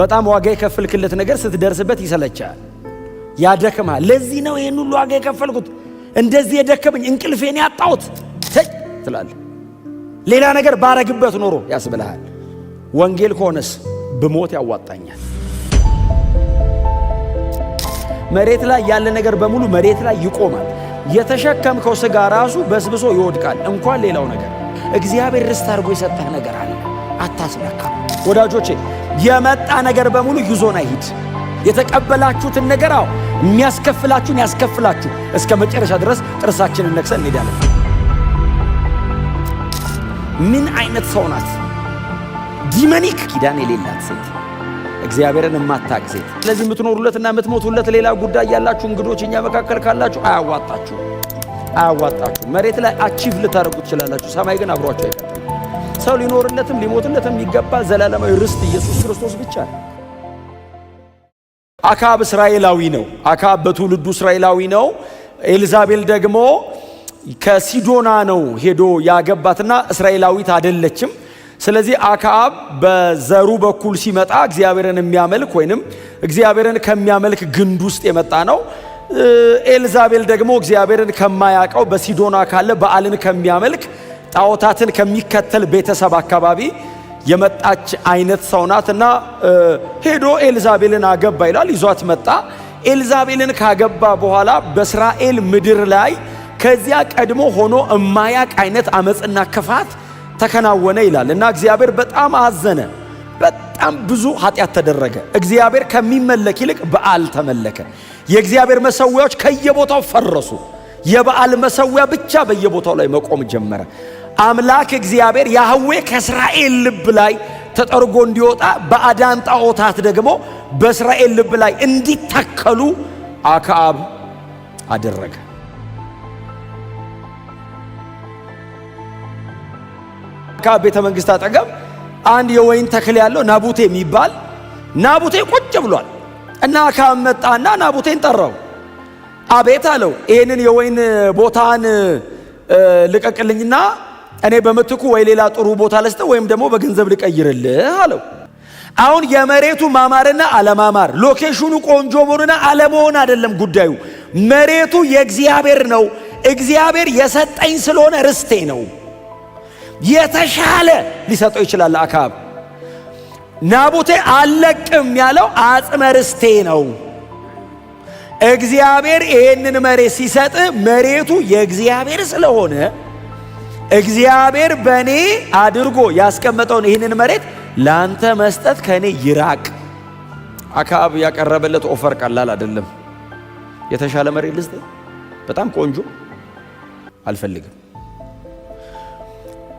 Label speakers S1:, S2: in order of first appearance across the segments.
S1: በጣም ዋጋ የከፈልክለት ነገር ስትደርስበት ይሰለቻል፣ ያደክማል። ለዚህ ነው ይህን ሁሉ ዋጋ የከፈልኩት እንደዚህ የደከመኝ እንቅልፌን ያጣሁት ትላል። ሌላ ነገር ባረግበት ኖሮ ያስብልሃል። ወንጌል ከሆነስ ብሞት ያዋጣኛል። መሬት ላይ ያለ ነገር በሙሉ መሬት ላይ ይቆማል። የተሸከምከው ሥጋ ራሱ በስብሶ ይወድቃል። እንኳን ሌላው ነገር እግዚአብሔር ርስት አድርጎ የሰጠህ ነገር አለ፣ አታስነካ ወዳጆቼ። የመጣ ነገር በሙሉ ይዞን አይሂድ። የተቀበላችሁትን ነገር አዎ የሚያስከፍላችሁን ያስከፍላችሁ። እስከ መጨረሻ ድረስ ጥርሳችንን ነክሰን እንሄዳለን። ምን አይነት ሰው ናት? ዲመኒክ ኪዳን የሌላት ሴት፣ እግዚአብሔርን የማታቅ ሴት። ስለዚህ የምትኖሩለትና የምትሞቱለት ሌላ ጉዳይ ያላችሁ እንግዶች እኛ መካከል ካላችሁ አያዋጣችሁ፣ አያዋጣችሁ። መሬት ላይ አቺቭ ልታደርጉ ትችላላችሁ፣ ሰማይ ግን አብሯችሁ አይቀጥል ሰው ሊኖርለትም ሊሞትለትም የሚገባ ዘላለማዊ ርስት ኢየሱስ ክርስቶስ ብቻ ነው።
S2: አካብ እስራኤላዊ ነው። አካብ በትውልዱ እስራኤላዊ ነው። ኤልዛቤል ደግሞ ከሲዶና ነው ሄዶ ያገባትና እስራኤላዊት አይደለችም። ስለዚህ አካብ በዘሩ በኩል ሲመጣ እግዚአብሔርን የሚያመልክ ወይንም እግዚአብሔርን ከሚያመልክ ግንድ ውስጥ የመጣ ነው። ኤልዛቤል ደግሞ እግዚአብሔርን ከማያውቀው በሲዶና ካለ በዓልን ከሚያመልክ ጣዖታትን ከሚከተል ቤተሰብ አካባቢ የመጣች አይነት ሰው ናት እና ሄዶ ኤልዛቤልን አገባ ይላል። ይዟት መጣ። ኤልዛቤልን ካገባ በኋላ በእስራኤል ምድር ላይ ከዚያ ቀድሞ ሆኖ እማያቅ አይነት አመፅና ክፋት ተከናወነ ይላል እና እግዚአብሔር በጣም አዘነ። በጣም ብዙ ኃጢአት ተደረገ። እግዚአብሔር ከሚመለክ ይልቅ በዓል ተመለከ። የእግዚአብሔር መሰዊያዎች ከየቦታው ፈረሱ። የበዓል መሰዊያ ብቻ በየቦታው ላይ መቆም ጀመረ። አምላክ እግዚአብሔር ያህዌ ከእስራኤል ልብ ላይ ተጠርጎ እንዲወጣ በአዳን ጣዖታት ደግሞ በእስራኤል ልብ ላይ እንዲተከሉ አክዓብ አደረገ። አክዓብ ቤተ መንግሥት አጠገብ አንድ የወይን ተክል ያለው ናቡቴ የሚባል ናቡቴ ቁጭ ብሏል እና አክዓብ መጣና ናቡቴን ጠራው። አቤት አለው፣ ይህንን የወይን ቦታን ልቀቅልኝና እኔ በምትኩ ወይ ሌላ ጥሩ ቦታ ልስጥ ወይም ደግሞ በገንዘብ ልቀይርልህ አለው። አሁን የመሬቱ ማማርና አለማማር ሎኬሽኑ ቆንጆ መሆንና አለመሆን አይደለም ጉዳዩ። መሬቱ የእግዚአብሔር ነው። እግዚአብሔር የሰጠኝ ስለሆነ ርስቴ ነው። የተሻለ ሊሰጠው ይችላል። አካብ ናቡቴ አለቅም ያለው አጽመ ርስቴ ነው። እግዚአብሔር ይህንን መሬት ሲሰጥ መሬቱ የእግዚአብሔር ስለሆነ እግዚአብሔር በእኔ አድርጎ ያስቀመጠውን ይህንን መሬት ለአንተ መስጠት ከእኔ ይራቅ። አካብ ያቀረበለት ኦፈር ቀላል አይደለም። የተሻለ መሬት ልስጥ፣ በጣም ቆንጆ፣ አልፈልግም፣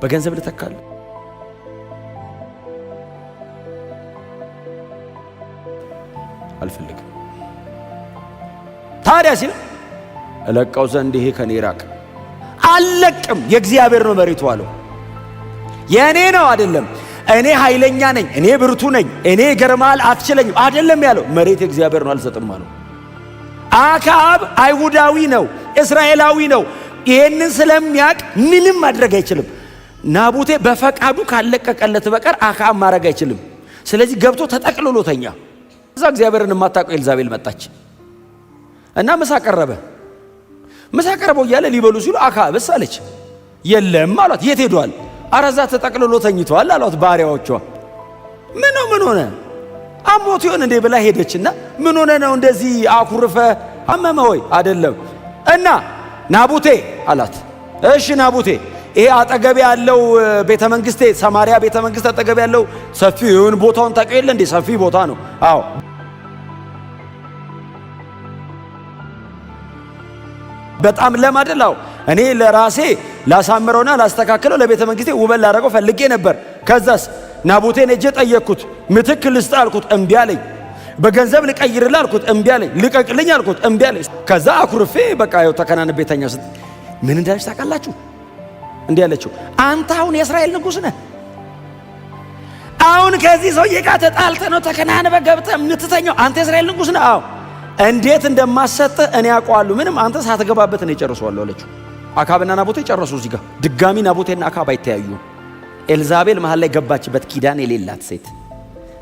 S2: በገንዘብ ልተካል። አልፈልግም ታዲያ ሲል እለቀው ዘንድ ይሄ ከኔ ይራቅ አልለቅም። የእግዚአብሔር ነው መሬቱ አለው። የእኔ ነው አይደለም። እኔ ኃይለኛ ነኝ፣ እኔ ብርቱ ነኝ፣ እኔ ገርማል አትችለኝም አይደለም ያለው። መሬት የእግዚአብሔር ነው አልሰጥም አለው። አካብ አይሁዳዊ ነው፣ እስራኤላዊ ነው። ይህንን ስለሚያቅ ምንም ማድረግ አይችልም። ናቡቴ በፈቃዱ ካለቀቀለት በቀር አካብ ማድረግ አይችልም። ስለዚህ ገብቶ ተጠቅልሎተኛ እዛ እግዚአብሔርን የማታውቀው ኤልዛቤል መጣች እና ምሳ ቀረበ። ምሳ ቀርበው እያለ ሊበሉ ሲሉ አካ አለች። የለም አሏት። የት ሄዷል? አረዛ ተጠቅልሎ ተኝቷል አሏት ባሪያዎቿ። ምን ነው ምን ሆነ አሞት ይሆን እንዴ ብላ ሄደችና ምን ሆነ ነው እንደዚህ አኩርፈ አመመ ወይ? አይደለም እና ናቡቴ አላት። እሺ ናቡቴ ይሄ አጠገብ ያለው ቤተ መንግስቴ፣ ሰማሪያ ቤተ መንግስት አጠገብ ያለው ይሁን ቦታውን ታውቂው የለ እንዴ? ሰፊ ቦታ ነው። አዎ በጣም ለማደላው እኔ ለራሴ ላሳምረውና ላስተካክለው ለቤተ መንግስቴ ውበት ላደረገው ፈልጌ ነበር። ከዛስ ናቡቴን እጄ ጠየቅኩት። ምትክ ልስጥ አልኩት፣ እምቢ አለኝ። በገንዘብ ልቀይርልህ አልኩት፣ እምቢ አለኝ። ልቀቅልኝ አልኩት፣ እምቢ አለኝ። ከዛ አኩርፌ በቃ ያው ተከናንቤ ተኛሁ። ስት ምን እንዳለች ታውቃላችሁ? እንዲህ አለችው፣ አንተ አሁን የእስራኤል ንጉሥ ነህ። አሁን ከዚህ ሰውዬ ጋር ተጣልተ ነው ተከናንበ ገብተ የምትተኛው። አንተ የእስራኤል ንጉሥ ነህ። አዎ እንዴት እንደማሰጥ እኔ አውቀዋለሁ፣ ምንም አንተ ሳትገባበት እኔ ጨርሰዋለሁ አለችው። አካብና ናቦቴ ጨረሱ። እዚህ ጋር ድጋሚ ናቦቴና አካብ አይተያዩ። ኤልዛቤል መሀል ላይ ገባችበት፣ ኪዳን የሌላት ሴት፣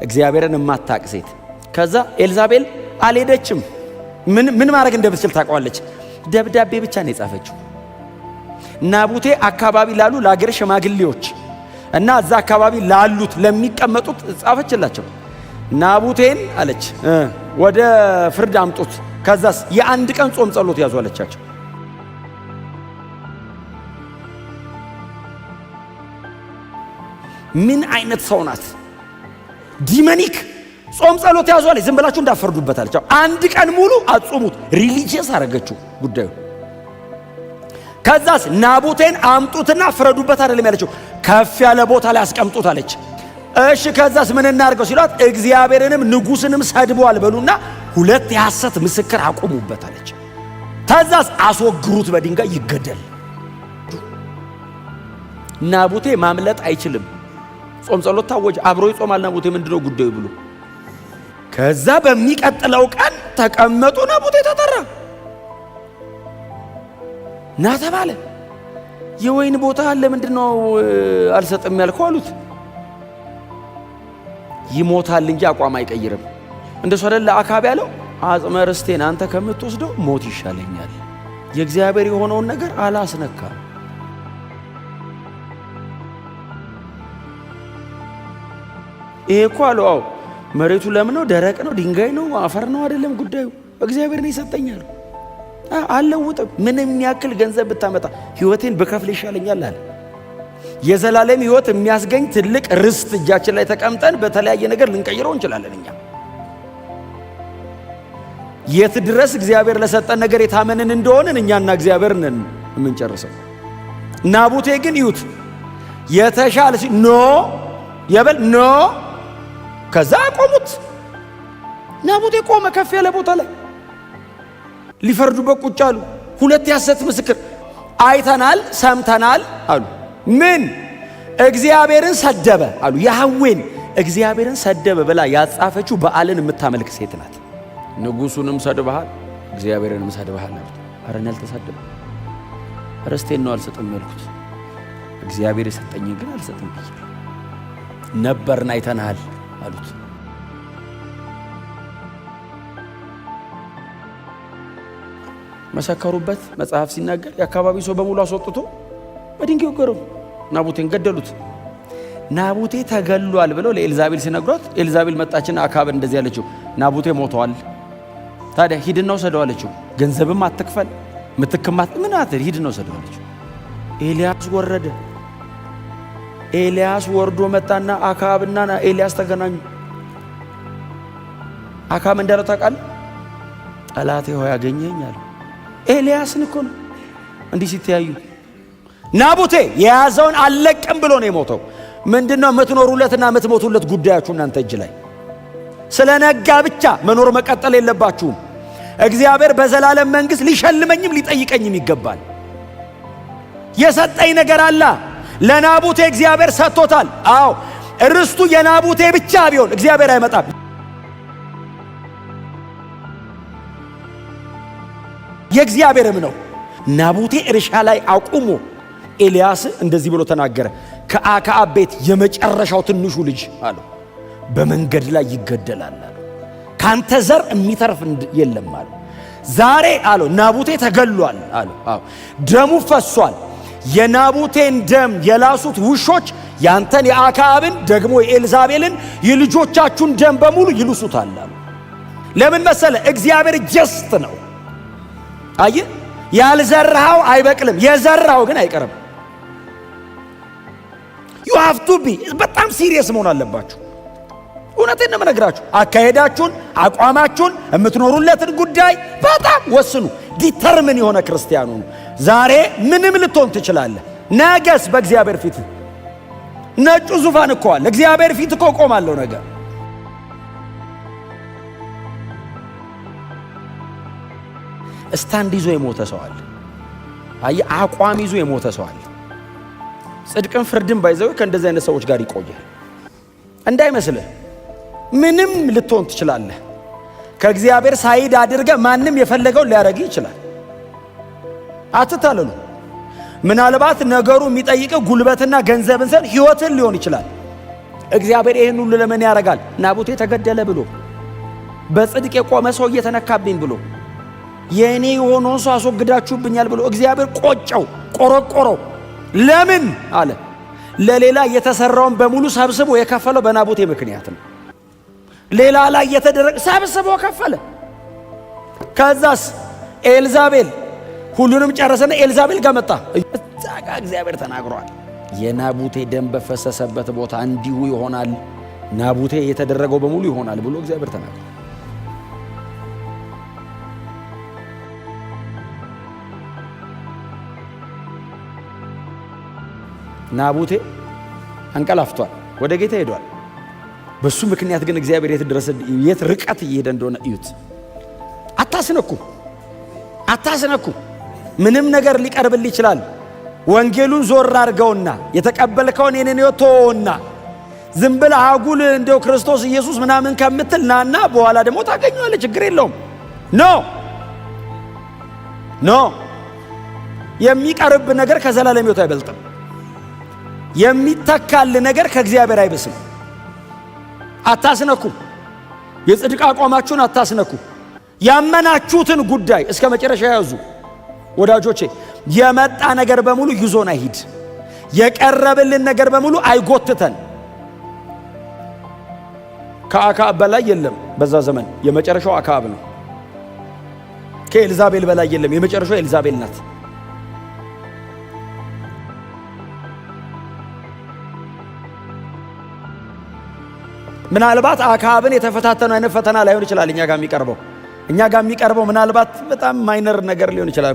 S2: እግዚአብሔርን የማታቅ ሴት። ከዛ ኤልዛቤል አልሄደችም። ምን ማድረግ እንደምትችል ታውቀዋለች። ደብዳቤ ብቻ ነው የጻፈችው። ናቡቴ አካባቢ ላሉ ለአገር ሽማግሌዎች እና እዛ አካባቢ ላሉት ለሚቀመጡት ጻፈችላቸው። ናቡቴን አለች ወደ ፍርድ አምጡት። ከዛስ የአንድ ቀን ጾም ጸሎት ያዙ አለቻቸው። ምን አይነት ሰው ናት? ዲመኒክ ጾም ጸሎት ያዙ አለች። ዝም ብላችሁ እንዳፈርዱበት አለች። አንድ ቀን ሙሉ አጾሙት። ሪሊጂየስ አረገችው ጉዳዩ። ከዛስ ናቡቴን አምጡትና ፍረዱበት አይደለም ያለችው፣ ከፍ ያለ ቦታ ላይ አስቀምጡት አለች። እሺ ከዛስ ምን እናርገው ሲሏት እግዚአብሔርንም ንጉሥንም ሰድቧል በሉና ሁለት የሐሰት ምስክር አቁሙበት አለች። ተዛስ አስወግሩት፣ በድንጋይ ይገደል። ናቡቴ ማምለጥ አይችልም። ጾም ጸሎት ታወጀ። አብሮ ይጾማል ናቡቴ። ምንድነው ጉዳዩ ብሎ ከዛ በሚቀጥለው ቀን ተቀመጡ። ናቡቴ ተጠራ ና ተባለ። የወይን ቦታ ለምንድነው አልሰጥም ያልከው አሉት። ይሞታል እንጂ አቋም አይቀይርም። እንደሱ አይደለ አካብ ያለው አጽመ ርስቴን አንተ ከምትወስደው ሞት ይሻለኛል። የእግዚአብሔር የሆነውን ነገር አላስነካ። ይሄ እኮ አለው። አዎ መሬቱ ለም ነው፣ ደረቅ ነው፣ ድንጋይ ነው፣ አፈር ነው አይደለም ጉዳዩ። እግዚአብሔር ነው ይሰጠኛል፣ አልለውጥም። ምንም ያክል ገንዘብ ብታመጣ ህይወቴን ብከፍል ይሻለኛል አለ። የዘላለም ህይወት የሚያስገኝ ትልቅ ርስት እጃችን ላይ ተቀምጠን በተለያየ ነገር ልንቀይረው እንችላለን። እኛ የት ድረስ እግዚአብሔር ለሰጠን ነገር የታመንን እንደሆንን እኛና እግዚአብሔር ነን የምንጨርሰው። ናቡቴ ግን ይዩት የተሻለ ኖ የበል ኖ ከዛ ቆሙት። ናቡቴ ቆመ ከፍ ያለ ቦታ ላይ ሊፈርዱበት ቁጭ አሉ። ሁለት ያሰት ምስክር አይተናል ሰምተናል አሉ። ምን እግዚአብሔርን ሰደበ አሉ። ያህዌን እግዚአብሔርን ሰደበ ብላ ያጻፈችው በዓልን የምታመልክ ሴት ናት። ንጉሱንም ሰድበሃል፣ እግዚአብሔርንም ሰድበሃል አሉት። ኧረ እኔ ርስቴን ነው አልሰጥም ያልኩት፣ እግዚአብሔር የሰጠኝ ግን አልሰጥም ብዬ ነበርና አይተናል አሉት። መሰከሩበት። መጽሐፍ ሲናገር የአካባቢ ሰው በሙሉ አስወጥቶ በድንጋይ ወገሩ፣ ናቡቴን ገደሉት። ናቡቴ ተገሏል ብለው ለኤልዛቤል ሲነግሯት ኤልዛቤል መጣችና አካብን እንደዚህ ያለችው፣ ናቡቴ ሞተዋል፣ ታዲያ ሂድና ውሰደው አለችው። ገንዘብም አትክፈል ምትክማት ምን አትል፣ ሂድና ውሰደው አለችው። ኤልያስ ወረደ። ኤልያስ ወርዶ መጣና አካብና ኤልያስ ተገናኙ። አካብ እንዳለው ታውቃለህ፣ ጠላቴ ሆይ አገኘኸኝ አለ። ኤልያስን እኮ ነው እንዲህ ሲተያዩ ናቡቴ የያዘውን አለቅም ብሎ ነው የሞተው። ምንድነው የምትኖሩለትና የምትሞቱለት ጉዳያችሁ እናንተ እጅ ላይ ስለነጋ ብቻ መኖር መቀጠል የለባችሁም። እግዚአብሔር በዘላለም መንግሥት ሊሸልመኝም ሊጠይቀኝም ይገባል። የሰጠኝ ነገር አለ። ለናቡቴ እግዚአብሔር ሰጥቶታል። አዎ ርስቱ የናቡቴ ብቻ ቢሆን እግዚአብሔር አይመጣም። የእግዚአብሔርም ነው። ናቡቴ እርሻ ላይ አቁሞ ኤልያስ እንደዚህ ብሎ ተናገረ። ከአክዓብ ቤት የመጨረሻው ትንሹ ልጅ አለው በመንገድ ላይ ይገደላል አለ። ካንተ ዘር የሚተርፍ የለም አለ። ዛሬ አለ ናቡቴ ተገሏል አለ። አዎ ደሙ ፈሷል። የናቡቴን ደም የላሱት ውሾች ያንተን የአክዓብን ደግሞ የኤልዛቤልን የልጆቻችሁን ደም በሙሉ ይልሱታል አለ። ለምን መሰለ እግዚአብሔር ጀስት ነው። አየ ያልዘራኸው አይበቅልም፣ የዘራኸው ግን አይቀርም። ዩ ሃቭ ቱ ቢ በጣም ሲሪየስ መሆን አለባችሁ። እውነቴን ነው የምነግራችሁ። አካሄዳችሁን፣ አቋማችሁን፣ የምትኖሩለትን ጉዳይ በጣም ወስኑ። ዲተርምን የሆነ ክርስቲያኑ ነው። ዛሬ ምንም ልትሆን ትችላለህ። ነገስ በእግዚአብሔር ፊት ነጩ ዙፋን እኮ አለ። እግዚአብሔር ፊት እኮ ቆማለሁ ነገር እስታንድ ይዞ የሞተ ሰው አለ። አቋም ይዞ የሞተ ሰው አለ። ጽድቅን ፍርድን ባይዘው ከእንደዚህ አይነት ሰዎች ጋር ይቆያል። እንዳይመስልህ ምንም ልትሆን ትችላለህ። ከእግዚአብሔር ሳይድ አድርገ ማንም የፈለገው ሊያደርግህ ይችላል። አትታለሉ። ምናልባት ነገሩ የሚጠይቀው ጉልበትና ገንዘብን ሰን ሕይወትን ሊሆን ይችላል። እግዚአብሔር ይህን ሁሉ ለምን ያደርጋል? ናቡቴ ተገደለ ብሎ በጽድቅ የቆመ ሰው እየተነካብኝ ብሎ የእኔ የሆነውን ሰው አስወግዳችሁብኛል ብሎ እግዚአብሔር ቆጨው፣ ቆረቆረው። ለምን አለ ለሌላ የተሰራውን በሙሉ ሰብስቦ የከፈለው በናቡቴ ምክንያት ነው። ሌላ ላይ የተደረገ ሰብስቦ ከፈለ። ከዛስ ኤልዛቤል ሁሉንም ጨረሰና ኤልዛቤል ጋር መጣ። እዛ ጋ እግዚአብሔር ተናግሯል። የናቡቴ ደም በፈሰሰበት ቦታ እንዲሁ ይሆናል፣ ናቡቴ የተደረገው በሙሉ ይሆናል ብሎ እግዚአብሔር ተናግሯል። ናቡቴ አንቀላፍቷል፣ ወደ ጌታ ሄዷል። በሱ ምክንያት ግን እግዚአብሔር የት ድረስ የት ርቀት እየሄደ እንደሆነ እዩት። አታስነኩ፣ አታስነኩ። ምንም ነገር ሊቀርብል ይችላል። ወንጌሉን ዞር አድርገውና የተቀበልከውን የኔን ቶና ዝም ብለህ አጉል እንደው ክርስቶስ ኢየሱስ ምናምን ከምትል ናና በኋላ ደግሞ ታገኘዋለ። ችግር የለውም። ኖ ኖ የሚቀርብ ነገር ከዘላለም ሕይወት አይበልጥም። የሚተካል ነገር ከእግዚአብሔር አይበስም። አታስነኩ። የጽድቅ አቋማችሁን አታስነኩ። ያመናችሁትን ጉዳይ እስከ መጨረሻ ያዙ። ወዳጆቼ የመጣ ነገር በሙሉ ይዞን አይሂድ። የቀረበልን ነገር በሙሉ አይጎትተን። ከአክዓብ በላይ የለም። በዛ ዘመን የመጨረሻው አክዓብ ነው። ከኤልዛቤል በላይ የለም። የመጨረሻው ኤልዛቤል ናት። ምናልባት አካብን የተፈታተኑ አይነት ፈተና ላይሆን ይችላል እኛ ጋር የሚቀርበው እኛ ጋር የሚቀርበው ምናልባት በጣም ማይነር ነገር ሊሆን ይችላል።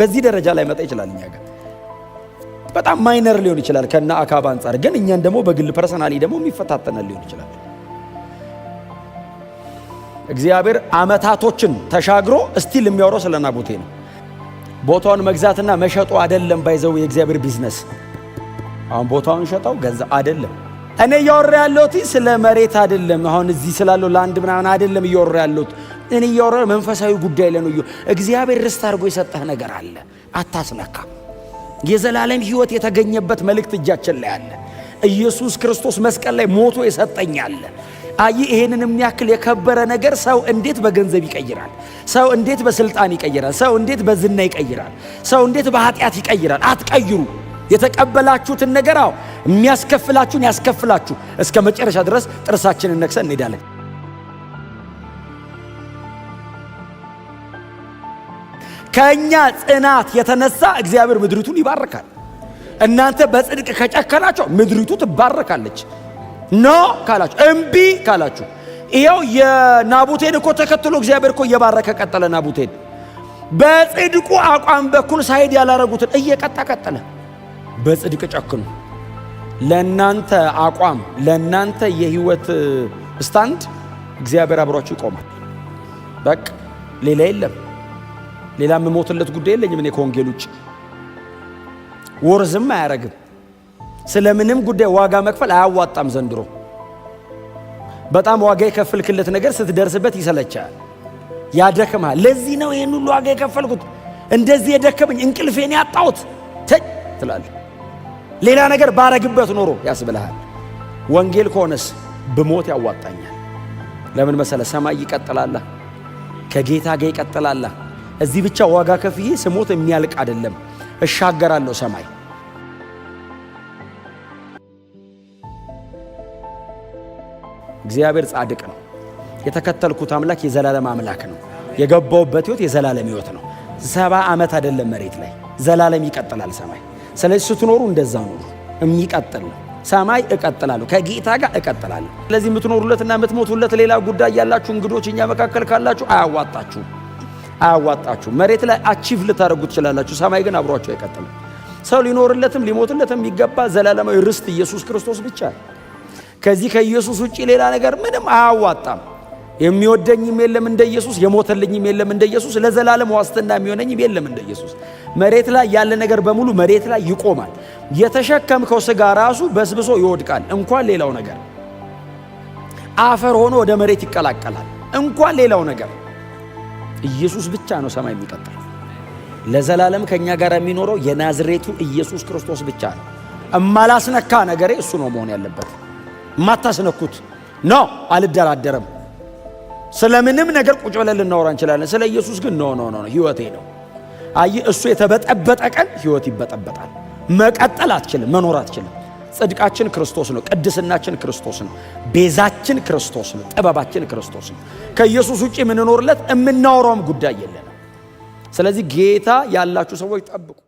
S2: በዚህ ደረጃ ላይ መጣ ይችላል እኛ ጋር በጣም ማይነር ሊሆን ይችላል ከነ አካብ አንጻር፣ ግን እኛን ደግሞ በግል ፐርሰናሊ ደግሞ የሚፈታተነን ሊሆን ይችላል። እግዚአብሔር አመታቶችን ተሻግሮ እስቲል የሚያወራው ስለ ናቡቴ ነው። ቦታውን መግዛትና መሸጡ አይደለም ባይዘው የእግዚአብሔር ቢዝነስ። አሁን ቦታውን ሸጠው ገዛ አይደለም እኔ እያወራ ያለሁት ስለ መሬት አይደለም። አሁን እዚህ ስላለው ለአንድ ምናምን አይደለም እያወራ ያለሁት። እኔ እያወራ መንፈሳዊ ጉዳይ ላይ እግዚአብሔር ርስት አድርጎ የሰጠህ ነገር አለ፣ አታስነካ። የዘላለም ሕይወት የተገኘበት መልእክት እጃችን ላይ አለ። ኢየሱስ ክርስቶስ መስቀል ላይ ሞቶ የሰጠኝ አይ ይሄንን የሚያክል የከበረ ነገር ሰው እንዴት በገንዘብ ይቀይራል? ሰው እንዴት በስልጣን ይቀይራል? ሰው እንዴት በዝና ይቀይራል? ሰው እንዴት በኃጢአት ይቀይራል? አትቀይሩ። የተቀበላችሁትን ነገር አዎ የሚያስከፍላችሁን ያስከፍላችሁ እስከ መጨረሻ ድረስ ጥርሳችንን ነክሰን እንሄዳለን። ከእኛ ጽናት የተነሳ እግዚአብሔር ምድሪቱን ይባርካል። እናንተ በጽድቅ ከጨከናቸው ምድሪቱ ትባረካለች። ኖ ካላችሁ፣ እምቢ ካላችሁ ይኸው የናቡቴን እኮ ተከትሎ እግዚአብሔር እኮ እየባረከ ቀጠለ። ናቡቴን በጽድቁ አቋም በኩል ሳይድ ያላረጉትን እየቀጣ ቀጠለ። በጽድቅ ጨክኑ። ለእናንተ አቋም፣ ለእናንተ የህይወት ስታንድ እግዚአብሔር አብሯችሁ ይቆማል። በቃ ሌላ የለም። ሌላ የምሞትለት ጉዳይ የለኝም እኔ ከወንጌል ውጭ ወርዝም አያረግም። ስለምንም ጉዳይ ዋጋ መክፈል አያዋጣም ዘንድሮ። በጣም ዋጋ የከፈልክለት ነገር ስትደርስበት ይሰለቻል፣ ያደክማል። ለዚህ ነው ይህን ሁሉ ዋጋ የከፈልኩት እንደዚህ የደከመኝ እንቅልፌን ያጣሁት ተይ ትላለህ። ሌላ ነገር ባረግበት ኖሮ ያስብልሃል። ወንጌል ከሆነስ ብሞት ያዋጣኛል። ለምን መሰለ ሰማይ ይቀጥላላ፣ ከጌታ ጋር ይቀጥላላ። እዚህ ብቻ ዋጋ ከፍዬ ስሞት የሚያልቅ አይደለም፣ እሻገራለሁ ሰማይ እግዚአብሔር ጻድቅ ነው። የተከተልኩት አምላክ የዘላለም አምላክ ነው። የገባውበት ህይወት የዘላለም ህይወት ነው። ሰባ ዓመት አይደለም መሬት ላይ ዘላለም ይቀጥላል ሰማይ ስለዚህ ስትኖሩ እንደዛ ኑሩ። የሚቀጥል ሰማይ እቀጥላለሁ፣ ከጌታ ጋር እቀጥላለሁ። ስለዚህ የምትኖሩለትና የምትሞቱለት ሌላ ጉዳይ ያላችሁ እንግዶች እኛ መካከል ካላችሁ አያዋጣችሁ፣ አያዋጣችሁ። መሬት ላይ አቺቭ ልታደርጉ ትችላላችሁ፣ ሰማይ ግን አብሯቸው አይቀጥልም። ሰው ሊኖርለትም ሊሞትለትም የሚገባ ዘላለማዊ ርስት ኢየሱስ ክርስቶስ ብቻ። ከዚህ ከኢየሱስ ውጭ ሌላ ነገር ምንም አያዋጣም። የሚወደኝም የለም እንደ ኢየሱስ፣ የሞተልኝም የለም እንደ ኢየሱስ፣ ለዘላለም ዋስትና የሚሆነኝም የለም እንደ ኢየሱስ። መሬት ላይ ያለ ነገር በሙሉ መሬት ላይ ይቆማል። የተሸከምከው ስጋ ራሱ በስብሶ ይወድቃል። እንኳን ሌላው ነገር አፈር ሆኖ ወደ መሬት ይቀላቀላል። እንኳን ሌላው ነገር ኢየሱስ ብቻ ነው ሰማይ የሚቀጥል ለዘላለም ከእኛ ጋር የሚኖረው የናዝሬቱ ኢየሱስ ክርስቶስ ብቻ ነው። እማላስነካ ነገሬ እሱ ነው መሆን ያለበት። እማታስነኩት ኖ አልደራደርም። ስለምንም ነገር ቁጭ ብለን ልናወራ እንችላለን። ስለ ኢየሱስ ግን ኖ ኖ ኖ፣ ህይወቴ ነው። አይ እሱ የተበጠበጠ ቀን ህይወት ይበጠበጣል። መቀጠል አትችልም፣ መኖር አትችልም። ጽድቃችን ክርስቶስ ነው። ቅድስናችን ክርስቶስ ነው። ቤዛችን ክርስቶስ ነው። ጥበባችን ክርስቶስ ነው። ከኢየሱስ ውጭ የምንኖርለት የምናወራውም ጉዳይ የለንም። ስለዚህ ጌታ ያላችሁ ሰዎች ጠብቁ።